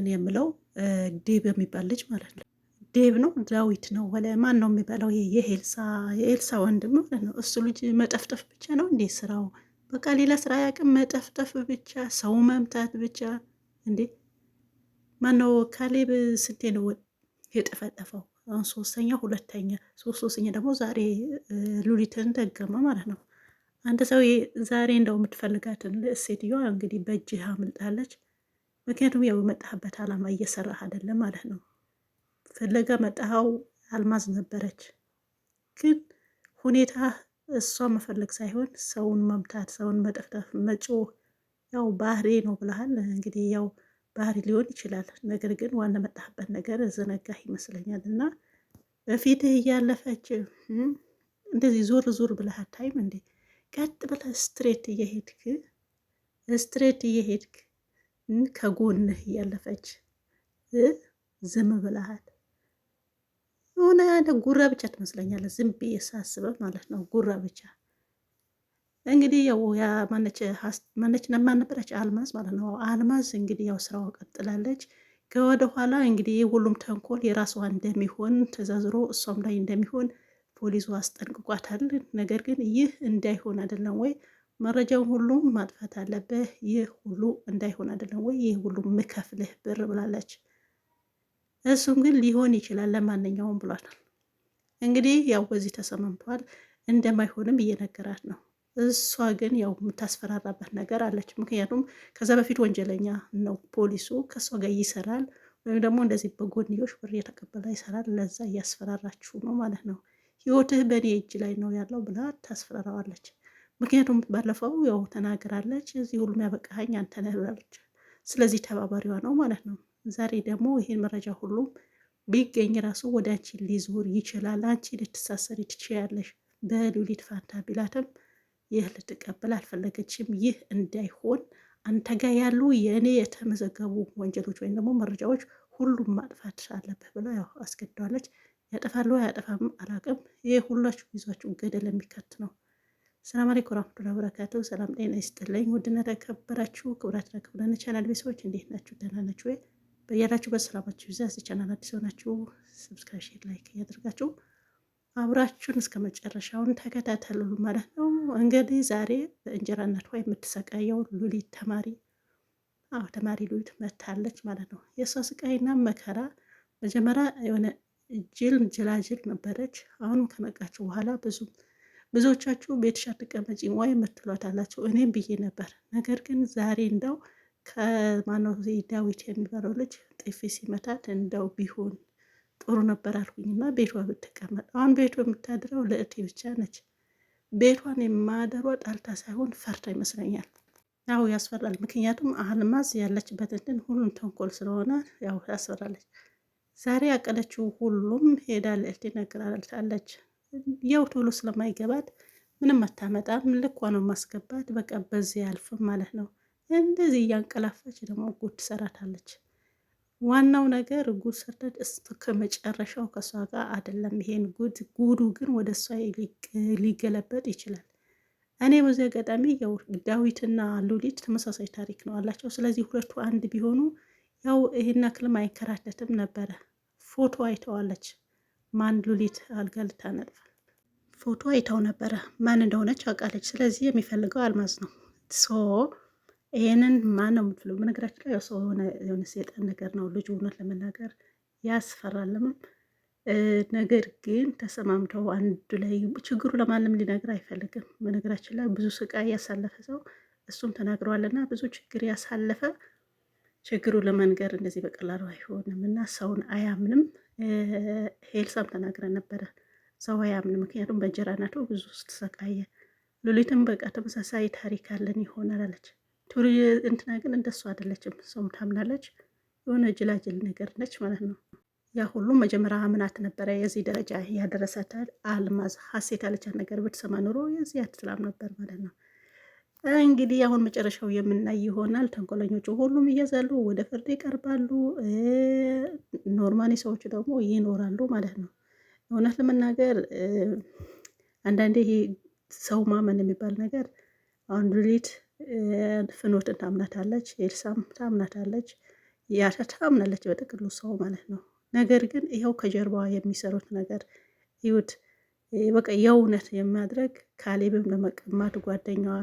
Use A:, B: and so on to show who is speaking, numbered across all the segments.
A: እኔ የምለው ዴብ የሚባል ልጅ ማለት ነው። ዴብ ነው ዳዊት ነው ወለ ማን ነው የሚባለው? የኤልሳ የኤልሳ ወንድም ማለት ነው። እሱ ልጅ መጠፍጠፍ ብቻ ነው እንዴ ስራው? በቃ ሌላ ስራ ያቅም መጠፍጠፍ ብቻ፣ ሰው መምታት ብቻ። እንዴ ማን ነው ካሌብ ስንቴ ነው የጠፈጠፈው? አሁን ሶስተኛ ሁለተኛ ሶስት ሶስተኛ ደግሞ ዛሬ ሉሊትን ደገመ ማለት ነው። አንድ ሰው ዛሬ እንደው የምትፈልጋትን ሴትዮዋ እንግዲህ በእጅህ አምልጣለች ምክንያቱም ያው የመጣህበት አላማ እየሰራህ አይደለም ማለት ነው። ፍለጋ መጣኸው አልማዝ ነበረች፣ ግን ሁኔታ እሷ መፈለግ ሳይሆን ሰውን መምታት፣ ሰውን መጠፍጠፍ፣ መጮህ ያው ባህሪ ነው ብለሃል። እንግዲህ ያው ባህሪ ሊሆን ይችላል። ነገር ግን ዋና መጣህበት ነገር ዘነጋህ ይመስለኛል። እና በፊትህ እያለፈች እንደዚህ ዞር ዞር ብለህ አታይም እንዴ? ቀጥ ብለህ ስትሬት እየሄድክ ስትሬት እየሄድክ ከጎንህ እያለፈች ዝም ብለሃል። የሆነ ያለ ጉራ ብቻ ትመስለኛለህ፣ ዝም ብዬ ሳስበህ ማለት ነው። ጉራ ብቻ እንግዲህ ያው ያ ማነች ማነች ነበረች? አልማዝ ማለት ነው። አልማዝ እንግዲህ ያው ስራው ቀጥላለች። ከወደኋላ እንግዲህ ሁሉም ተንኮል የራስዋ እንደሚሆን ተዛዝሮ እሷም ላይ እንደሚሆን ፖሊሱ አስጠንቅቋታል። ነገር ግን ይህ እንዳይሆን አይደለም ወይ መረጃውን ሁሉ ማጥፋት አለብህ። ይህ ሁሉ እንዳይሆን አይደለም ወይ ይህ ሁሉ ምከፍልህ ብር ብላለች። እሱም ግን ሊሆን ይችላል ለማንኛውም ብሏል። እንግዲህ ያው በዚህ ተሰማምተዋል። እንደማይሆንም እየነገራት ነው። እሷ ግን ያው የምታስፈራራበት ነገር አለች። ምክንያቱም ከዛ በፊት ወንጀለኛ ነው ፖሊሱ ከእሷ ጋር ይሰራል፣ ወይም ደግሞ እንደዚህ በጎንዮሽ ብር እየተቀበለ ይሰራል። ለዛ እያስፈራራችሁ ነው ማለት ነው። ህይወትህ በእኔ እጅ ላይ ነው ያለው ብላ ታስፈራራዋለች። ምክንያቱም ባለፈው ያው ተናግራለች፣ እዚህ ሁሉም ያበቃኸኝ አንተ ነህ ብላለች። ስለዚህ ተባባሪዋ ነው ማለት ነው። ዛሬ ደግሞ ይሄን መረጃ ሁሉም ቢገኝ ራሱ ወደ አንቺ ሊዞር ይችላል፣ አንቺ ልትሳሰሪ ትችያለሽ በሉሊት ፋንታ ቢላትም ይህ ልትቀበል አልፈለገችም። ይህ እንዳይሆን አንተ ጋር ያሉ የእኔ የተመዘገቡ ወንጀሎች ወይም ደግሞ መረጃዎች ሁሉም ማጥፋት አለብህ ብላ ያው አስገድደዋለች። ያጠፋሉ አያጠፋም አላቅም። ይህ ሁላችሁ ይዟችሁ ገደል የሚከት ነው። ሰላም አለይኩም ወራህመቱላሂ ወበረካቱ። ሰላም ጤና ይስጥልኝ። ውድና ተከበራችሁ ክብራት ክብራን ቻናል ቤተሰቦች እንዴት ናችሁ? ደህና ናችሁ ወይ? በያላችሁበት በሰላማችሁ ይብዛ። እዚህ ቻናል አዲስ ሆናችሁ ሰብስክራይብ፣ ሼር፣ ላይክ እያደረጋችሁ አብራችሁን እስከ መጨረሻውን ተከታተሉ ማለት ነው። እንግዲህ ዛሬ በእንጀራ እናቷ የምትሰቃየው ሉሊት ተማሪ አዎ ተማሪ ሉሊት መታለች ማለት ነው። የእሷ ስቃይና መከራ መጀመሪያ የሆነ ጅል ጅላጅል ነበረች። አሁንም ከነቃችሁ በኋላ ብዙ ብዙዎቻችሁ ቤትሽ አትቀመጪ ወይ የምትሏት አላቸው። እኔም ብዬ ነበር። ነገር ግን ዛሬ እንደው ከማነው ዳዊት የሚባለው ልጅ ጥፊ ሲመታት እንደው ቢሆን ጥሩ ነበር አልኩኝና ቤቷ ብትቀመጥ። አሁን ቤቷ የምታድረው ለእቴ ብቻ ነች። ቤቷን የማደሯ ጣልታ ሳይሆን ፈርታ ይመስለኛል። ያው ያስፈራል። ምክንያቱም አልማዝ ያለችበት እንትን ሁሉም ተንኮል ስለሆነ ያው ያስፈራለች። ዛሬ ያቀለችው ሁሉም ሄዳ ልዕልት ነግራታለች። ያው ቶሎ ስለማይገባት ምንም አታመጣም። ልኳ ነው ማስገባት። በቃ በዚህ ያልፍም ማለት ነው። እንደዚህ እያንቀላፋች ደግሞ ጉድ ሰራታለች። ዋናው ነገር ጉድ ሰርተት እስከ መጨረሻው ከእሷ ጋር አይደለም። ይሄን ጉድ ጉዱ ግን ወደ እሷ ሊገለበጥ ይችላል። እኔ በዚህ አጋጣሚ ያው ዳዊትና ሉሊት ተመሳሳይ ታሪክ ነው አላቸው። ስለዚህ ሁለቱ አንድ ቢሆኑ ያው ይሄን አክልም አይከራተትም ነበረ። ፎቶ አይተዋለች። ማን ሉሊት አልጋ ልታነጥፍ ፎቶ አይታው ነበረ። ማን እንደሆነች አውቃለች። ስለዚህ የሚፈልገው አልማዝ ነው። ሶ ይህንን ማን ነው የምትለው? በነገራችን ላይ ሰው የሆነ ሴጣን ነገር ነው ልጁ። እውነት ለመናገር ያስፈራልም። ነገር ግን ተሰማምተው አንዱ ላይ ችግሩ ለማንም ሊነግር አይፈልግም። በነገራችን ላይ ብዙ ስቃይ ያሳለፈ ሰው እሱም ተናግረዋልና ብዙ ችግር ያሳለፈ ችግሩ ለመንገር እንደዚህ በቀላሉ አይሆንም እና ሰውን አያምንም። ሄልሳም ተናግረ ነበረ ሰው አያምን። ምክንያቱም በእንጀራ እናቱ ብዙ ስትሰቃየ፣ ሉሊትም በቃ ተመሳሳይ ታሪክ አለን ይሆናል አለች። ቱሪ እንትና ግን እንደሱ አይደለችም። ሰውም ታምናለች፣ የሆነ ጅላጅል ነገር ነች ማለት ነው። ያ ሁሉም መጀመሪያ አምናት ነበረ። የዚህ ደረጃ ያደረሰት አልማዝ ሀሴት ያለቻት ነገር ብትሰማ ኑሮ የዚህ አትላም ነበር ማለት ነው። እንግዲህ አሁን መጨረሻው የምናይ ይሆናል። ተንኮለኞቹ ሁሉም እያዛሉ ወደ ፍርድ ይቀርባሉ። ኖርማኒ ሰዎቹ ደግሞ ይኖራሉ ማለት ነው። እውነት ለመናገር አንዳንዴ ይሄ ሰው ማመን የሚባል ነገር አሁን ሉሊት ፍኖትን ታምናታለች፣ ኤልሳም ታምናታለች፣ ያሻ ታምናለች፣ በጥቅሉ ሰው ማለት ነው። ነገር ግን ይኸው ከጀርባዋ የሚሰሩት ነገር ይሁት በቃ የእውነት የሚያድረግ ካሌብም ለመቀማት ጓደኛዋ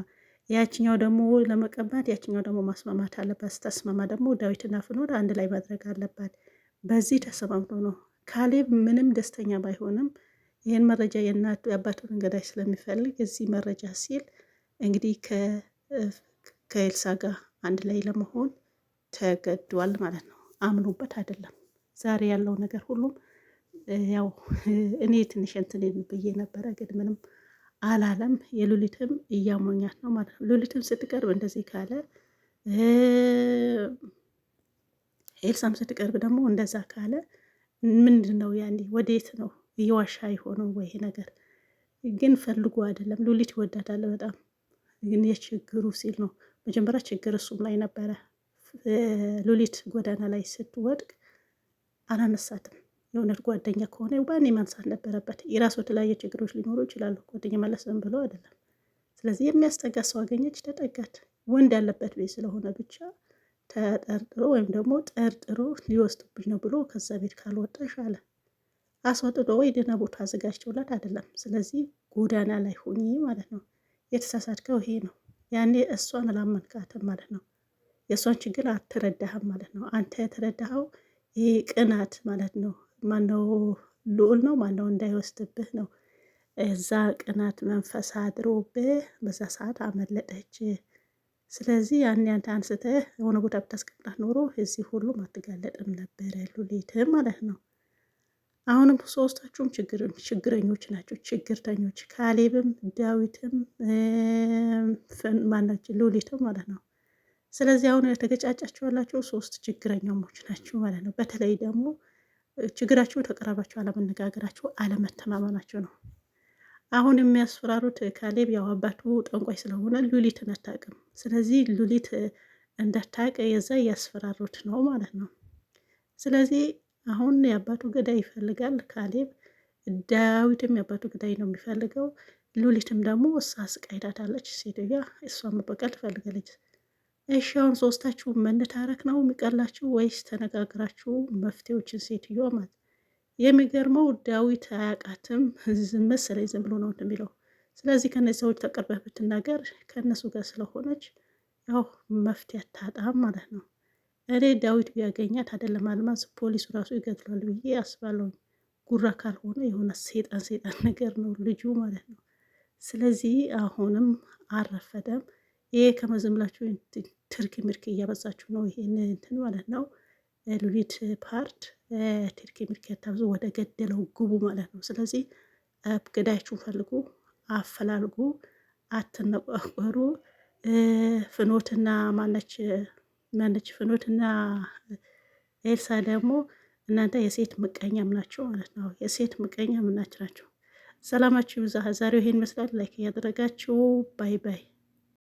A: ያችኛው ደግሞ ለመቀማት ያችኛው ደግሞ ማስማማት አለባት። ስታስማማ ደግሞ ዳዊትና ፍኖት አንድ ላይ ማድረግ አለባት። በዚህ ተሰማምቶ ነው ካሌብ ምንም ደስተኛ ባይሆንም ይህን መረጃ የእናቱ የአባቱን ገዳይ ስለሚፈልግ እዚህ መረጃ ሲል እንግዲህ ከኤልሳ ጋር አንድ ላይ ለመሆን ተገዷል ማለት ነው። አምኖበት አይደለም። ዛሬ ያለው ነገር ሁሉም ያው እኔ ትንሽ እንትን ብዬ ነበረ፣ ግን ምንም አላለም። የሉሊትም እያሞኛት ነው ማለት ነው። ሉሊትም ስትቀርብ እንደዚህ ካለ ኤልሳም ስትቀርብ ደግሞ እንደዛ ካለ ምንድን ነው ያኔ? ወዴት ነው እየዋሻ የሆነው ወይ ነገር? ግን ፈልጎ አይደለም። ሉሊት ይወዳታል በጣም ግን የችግሩ ሲል ነው። መጀመሪያ ችግር እሱም ላይ ነበረ። ሉሊት ጎዳና ላይ ስትወድቅ አላነሳትም። የእውነት ጓደኛ ከሆነ ባኔ ማንሳት ነበረበት። የራሱ የተለያየ ችግሮች ሊኖሩ ይችላሉ። ጓደኛ ማለት ብሎ አይደለም። ስለዚህ የሚያስጠጋ ሰው አገኘች፣ ተጠጋት። ወንድ ያለበት ቤት ስለሆነ ብቻ ተጠርጥሮ ወይም ደግሞ ጠርጥሮ ሊወስዱብኝ ነው ብሎ ከዛ ቤት ካልወጣሽ አለ። አስወጥቶ ወይ ደህና ቦታ አዘጋጅቸውላት አይደለም። ስለዚህ ጎዳና ላይ ሆኚ ማለት ነው። የተሳሳትከው ይሄ ነው። ያኔ እሷን አላመንካትም ማለት ነው። የእሷን ችግር አልተረዳህም ማለት ነው። አንተ የተረዳኸው ይሄ ቅናት ማለት ነው። ማነው ልዑል ነው ማነው እንዳይወስድብህ ነው። እዛ ቅናት መንፈስ አድሮብህ በዛ ሰዓት አመለጠች። ስለዚህ ያን ያንተ አንስተ የሆነ ቦታ ብታስቀምጣት ኖሮ እዚህ ሁሉም አትጋለጥም ነበረ ሉሊት ማለት ነው። አሁንም ሶስታችሁም ችግረኞች ናቸው፣ ችግርተኞች ካሌብም፣ ዳዊትም ማናቸው ሉሊትም ማለት ነው። ስለዚህ አሁን የተገጫጫችሁ ያላችሁ ሶስት ችግረኛሞች ናቸው ማለት ነው። በተለይ ደግሞ ችግራችሁ ተቀራባችሁ አለመነጋገራችሁ፣ አለመተማመናችሁ ነው። አሁን የሚያስፈራሩት ካሌብ ያው አባቱ ጠንቋይ ስለሆነ ሉሊትን አታውቅም። ስለዚህ ሉሊት እንዳታውቅ የዛ እያስፈራሩት ነው ማለት ነው። ስለዚህ አሁን የአባቱ ገዳይ ይፈልጋል ካሌብ። ዳዊትም የአባቱ ገዳይ ነው የሚፈልገው። ሉሊትም ደግሞ እሷ አስቃይዳታለች። ሴትዮዋ እሷ መበቀል ትፈልጋለች። እሺ አሁን ሶስታችሁ መነታረክ ነው የሚቀላችሁ ወይስ ተነጋግራችሁ መፍትሄዎችን ሴትዮዋ ማለት የሚገርመው ዳዊት አያውቃትም። ዝም መሰለኝ ዝም ብሎ ነው የሚለው። ስለዚህ ከነዚህ ሰዎች ተቀርበህ ብትናገር ከእነሱ ጋር ስለሆነች ያው መፍትሄ አታጣም ማለት ነው። እኔ ዳዊት ቢያገኛት አይደለም አልማዝ ፖሊሱ ራሱ ይገድሏል ብዬ አስባለሁ። ጉራ ካልሆነ የሆነ ሴጣን ሴጣን ነገር ነው ልጁ ማለት ነው። ስለዚህ አሁንም አረፈደም። ይሄ ከመዝምላችሁ ትርክ ምርክ እያበዛችሁ ነው ይሄን እንትን ማለት ነው። ሉሊት ፓርት ቲርክ ሚልኬታ ብዙ ወደ ገደለው ግቡ ማለት ነው። ስለዚህ ገዳያችሁን ፈልጉ፣ አፈላልጉ፣ አትነቋቆሩ። ፍኖትና ማነች ማነች ፍኖትና ኤልሳ ደግሞ እናንተ የሴት ምቀኛም ናቸው ማለት ነው። የሴት ምቀኛ ምናች ናቸው። ሰላማችሁ ይብዛ። ዛሬው ይሄን ይመስላል። ላይክ እያደረጋችሁ ባይ ባይ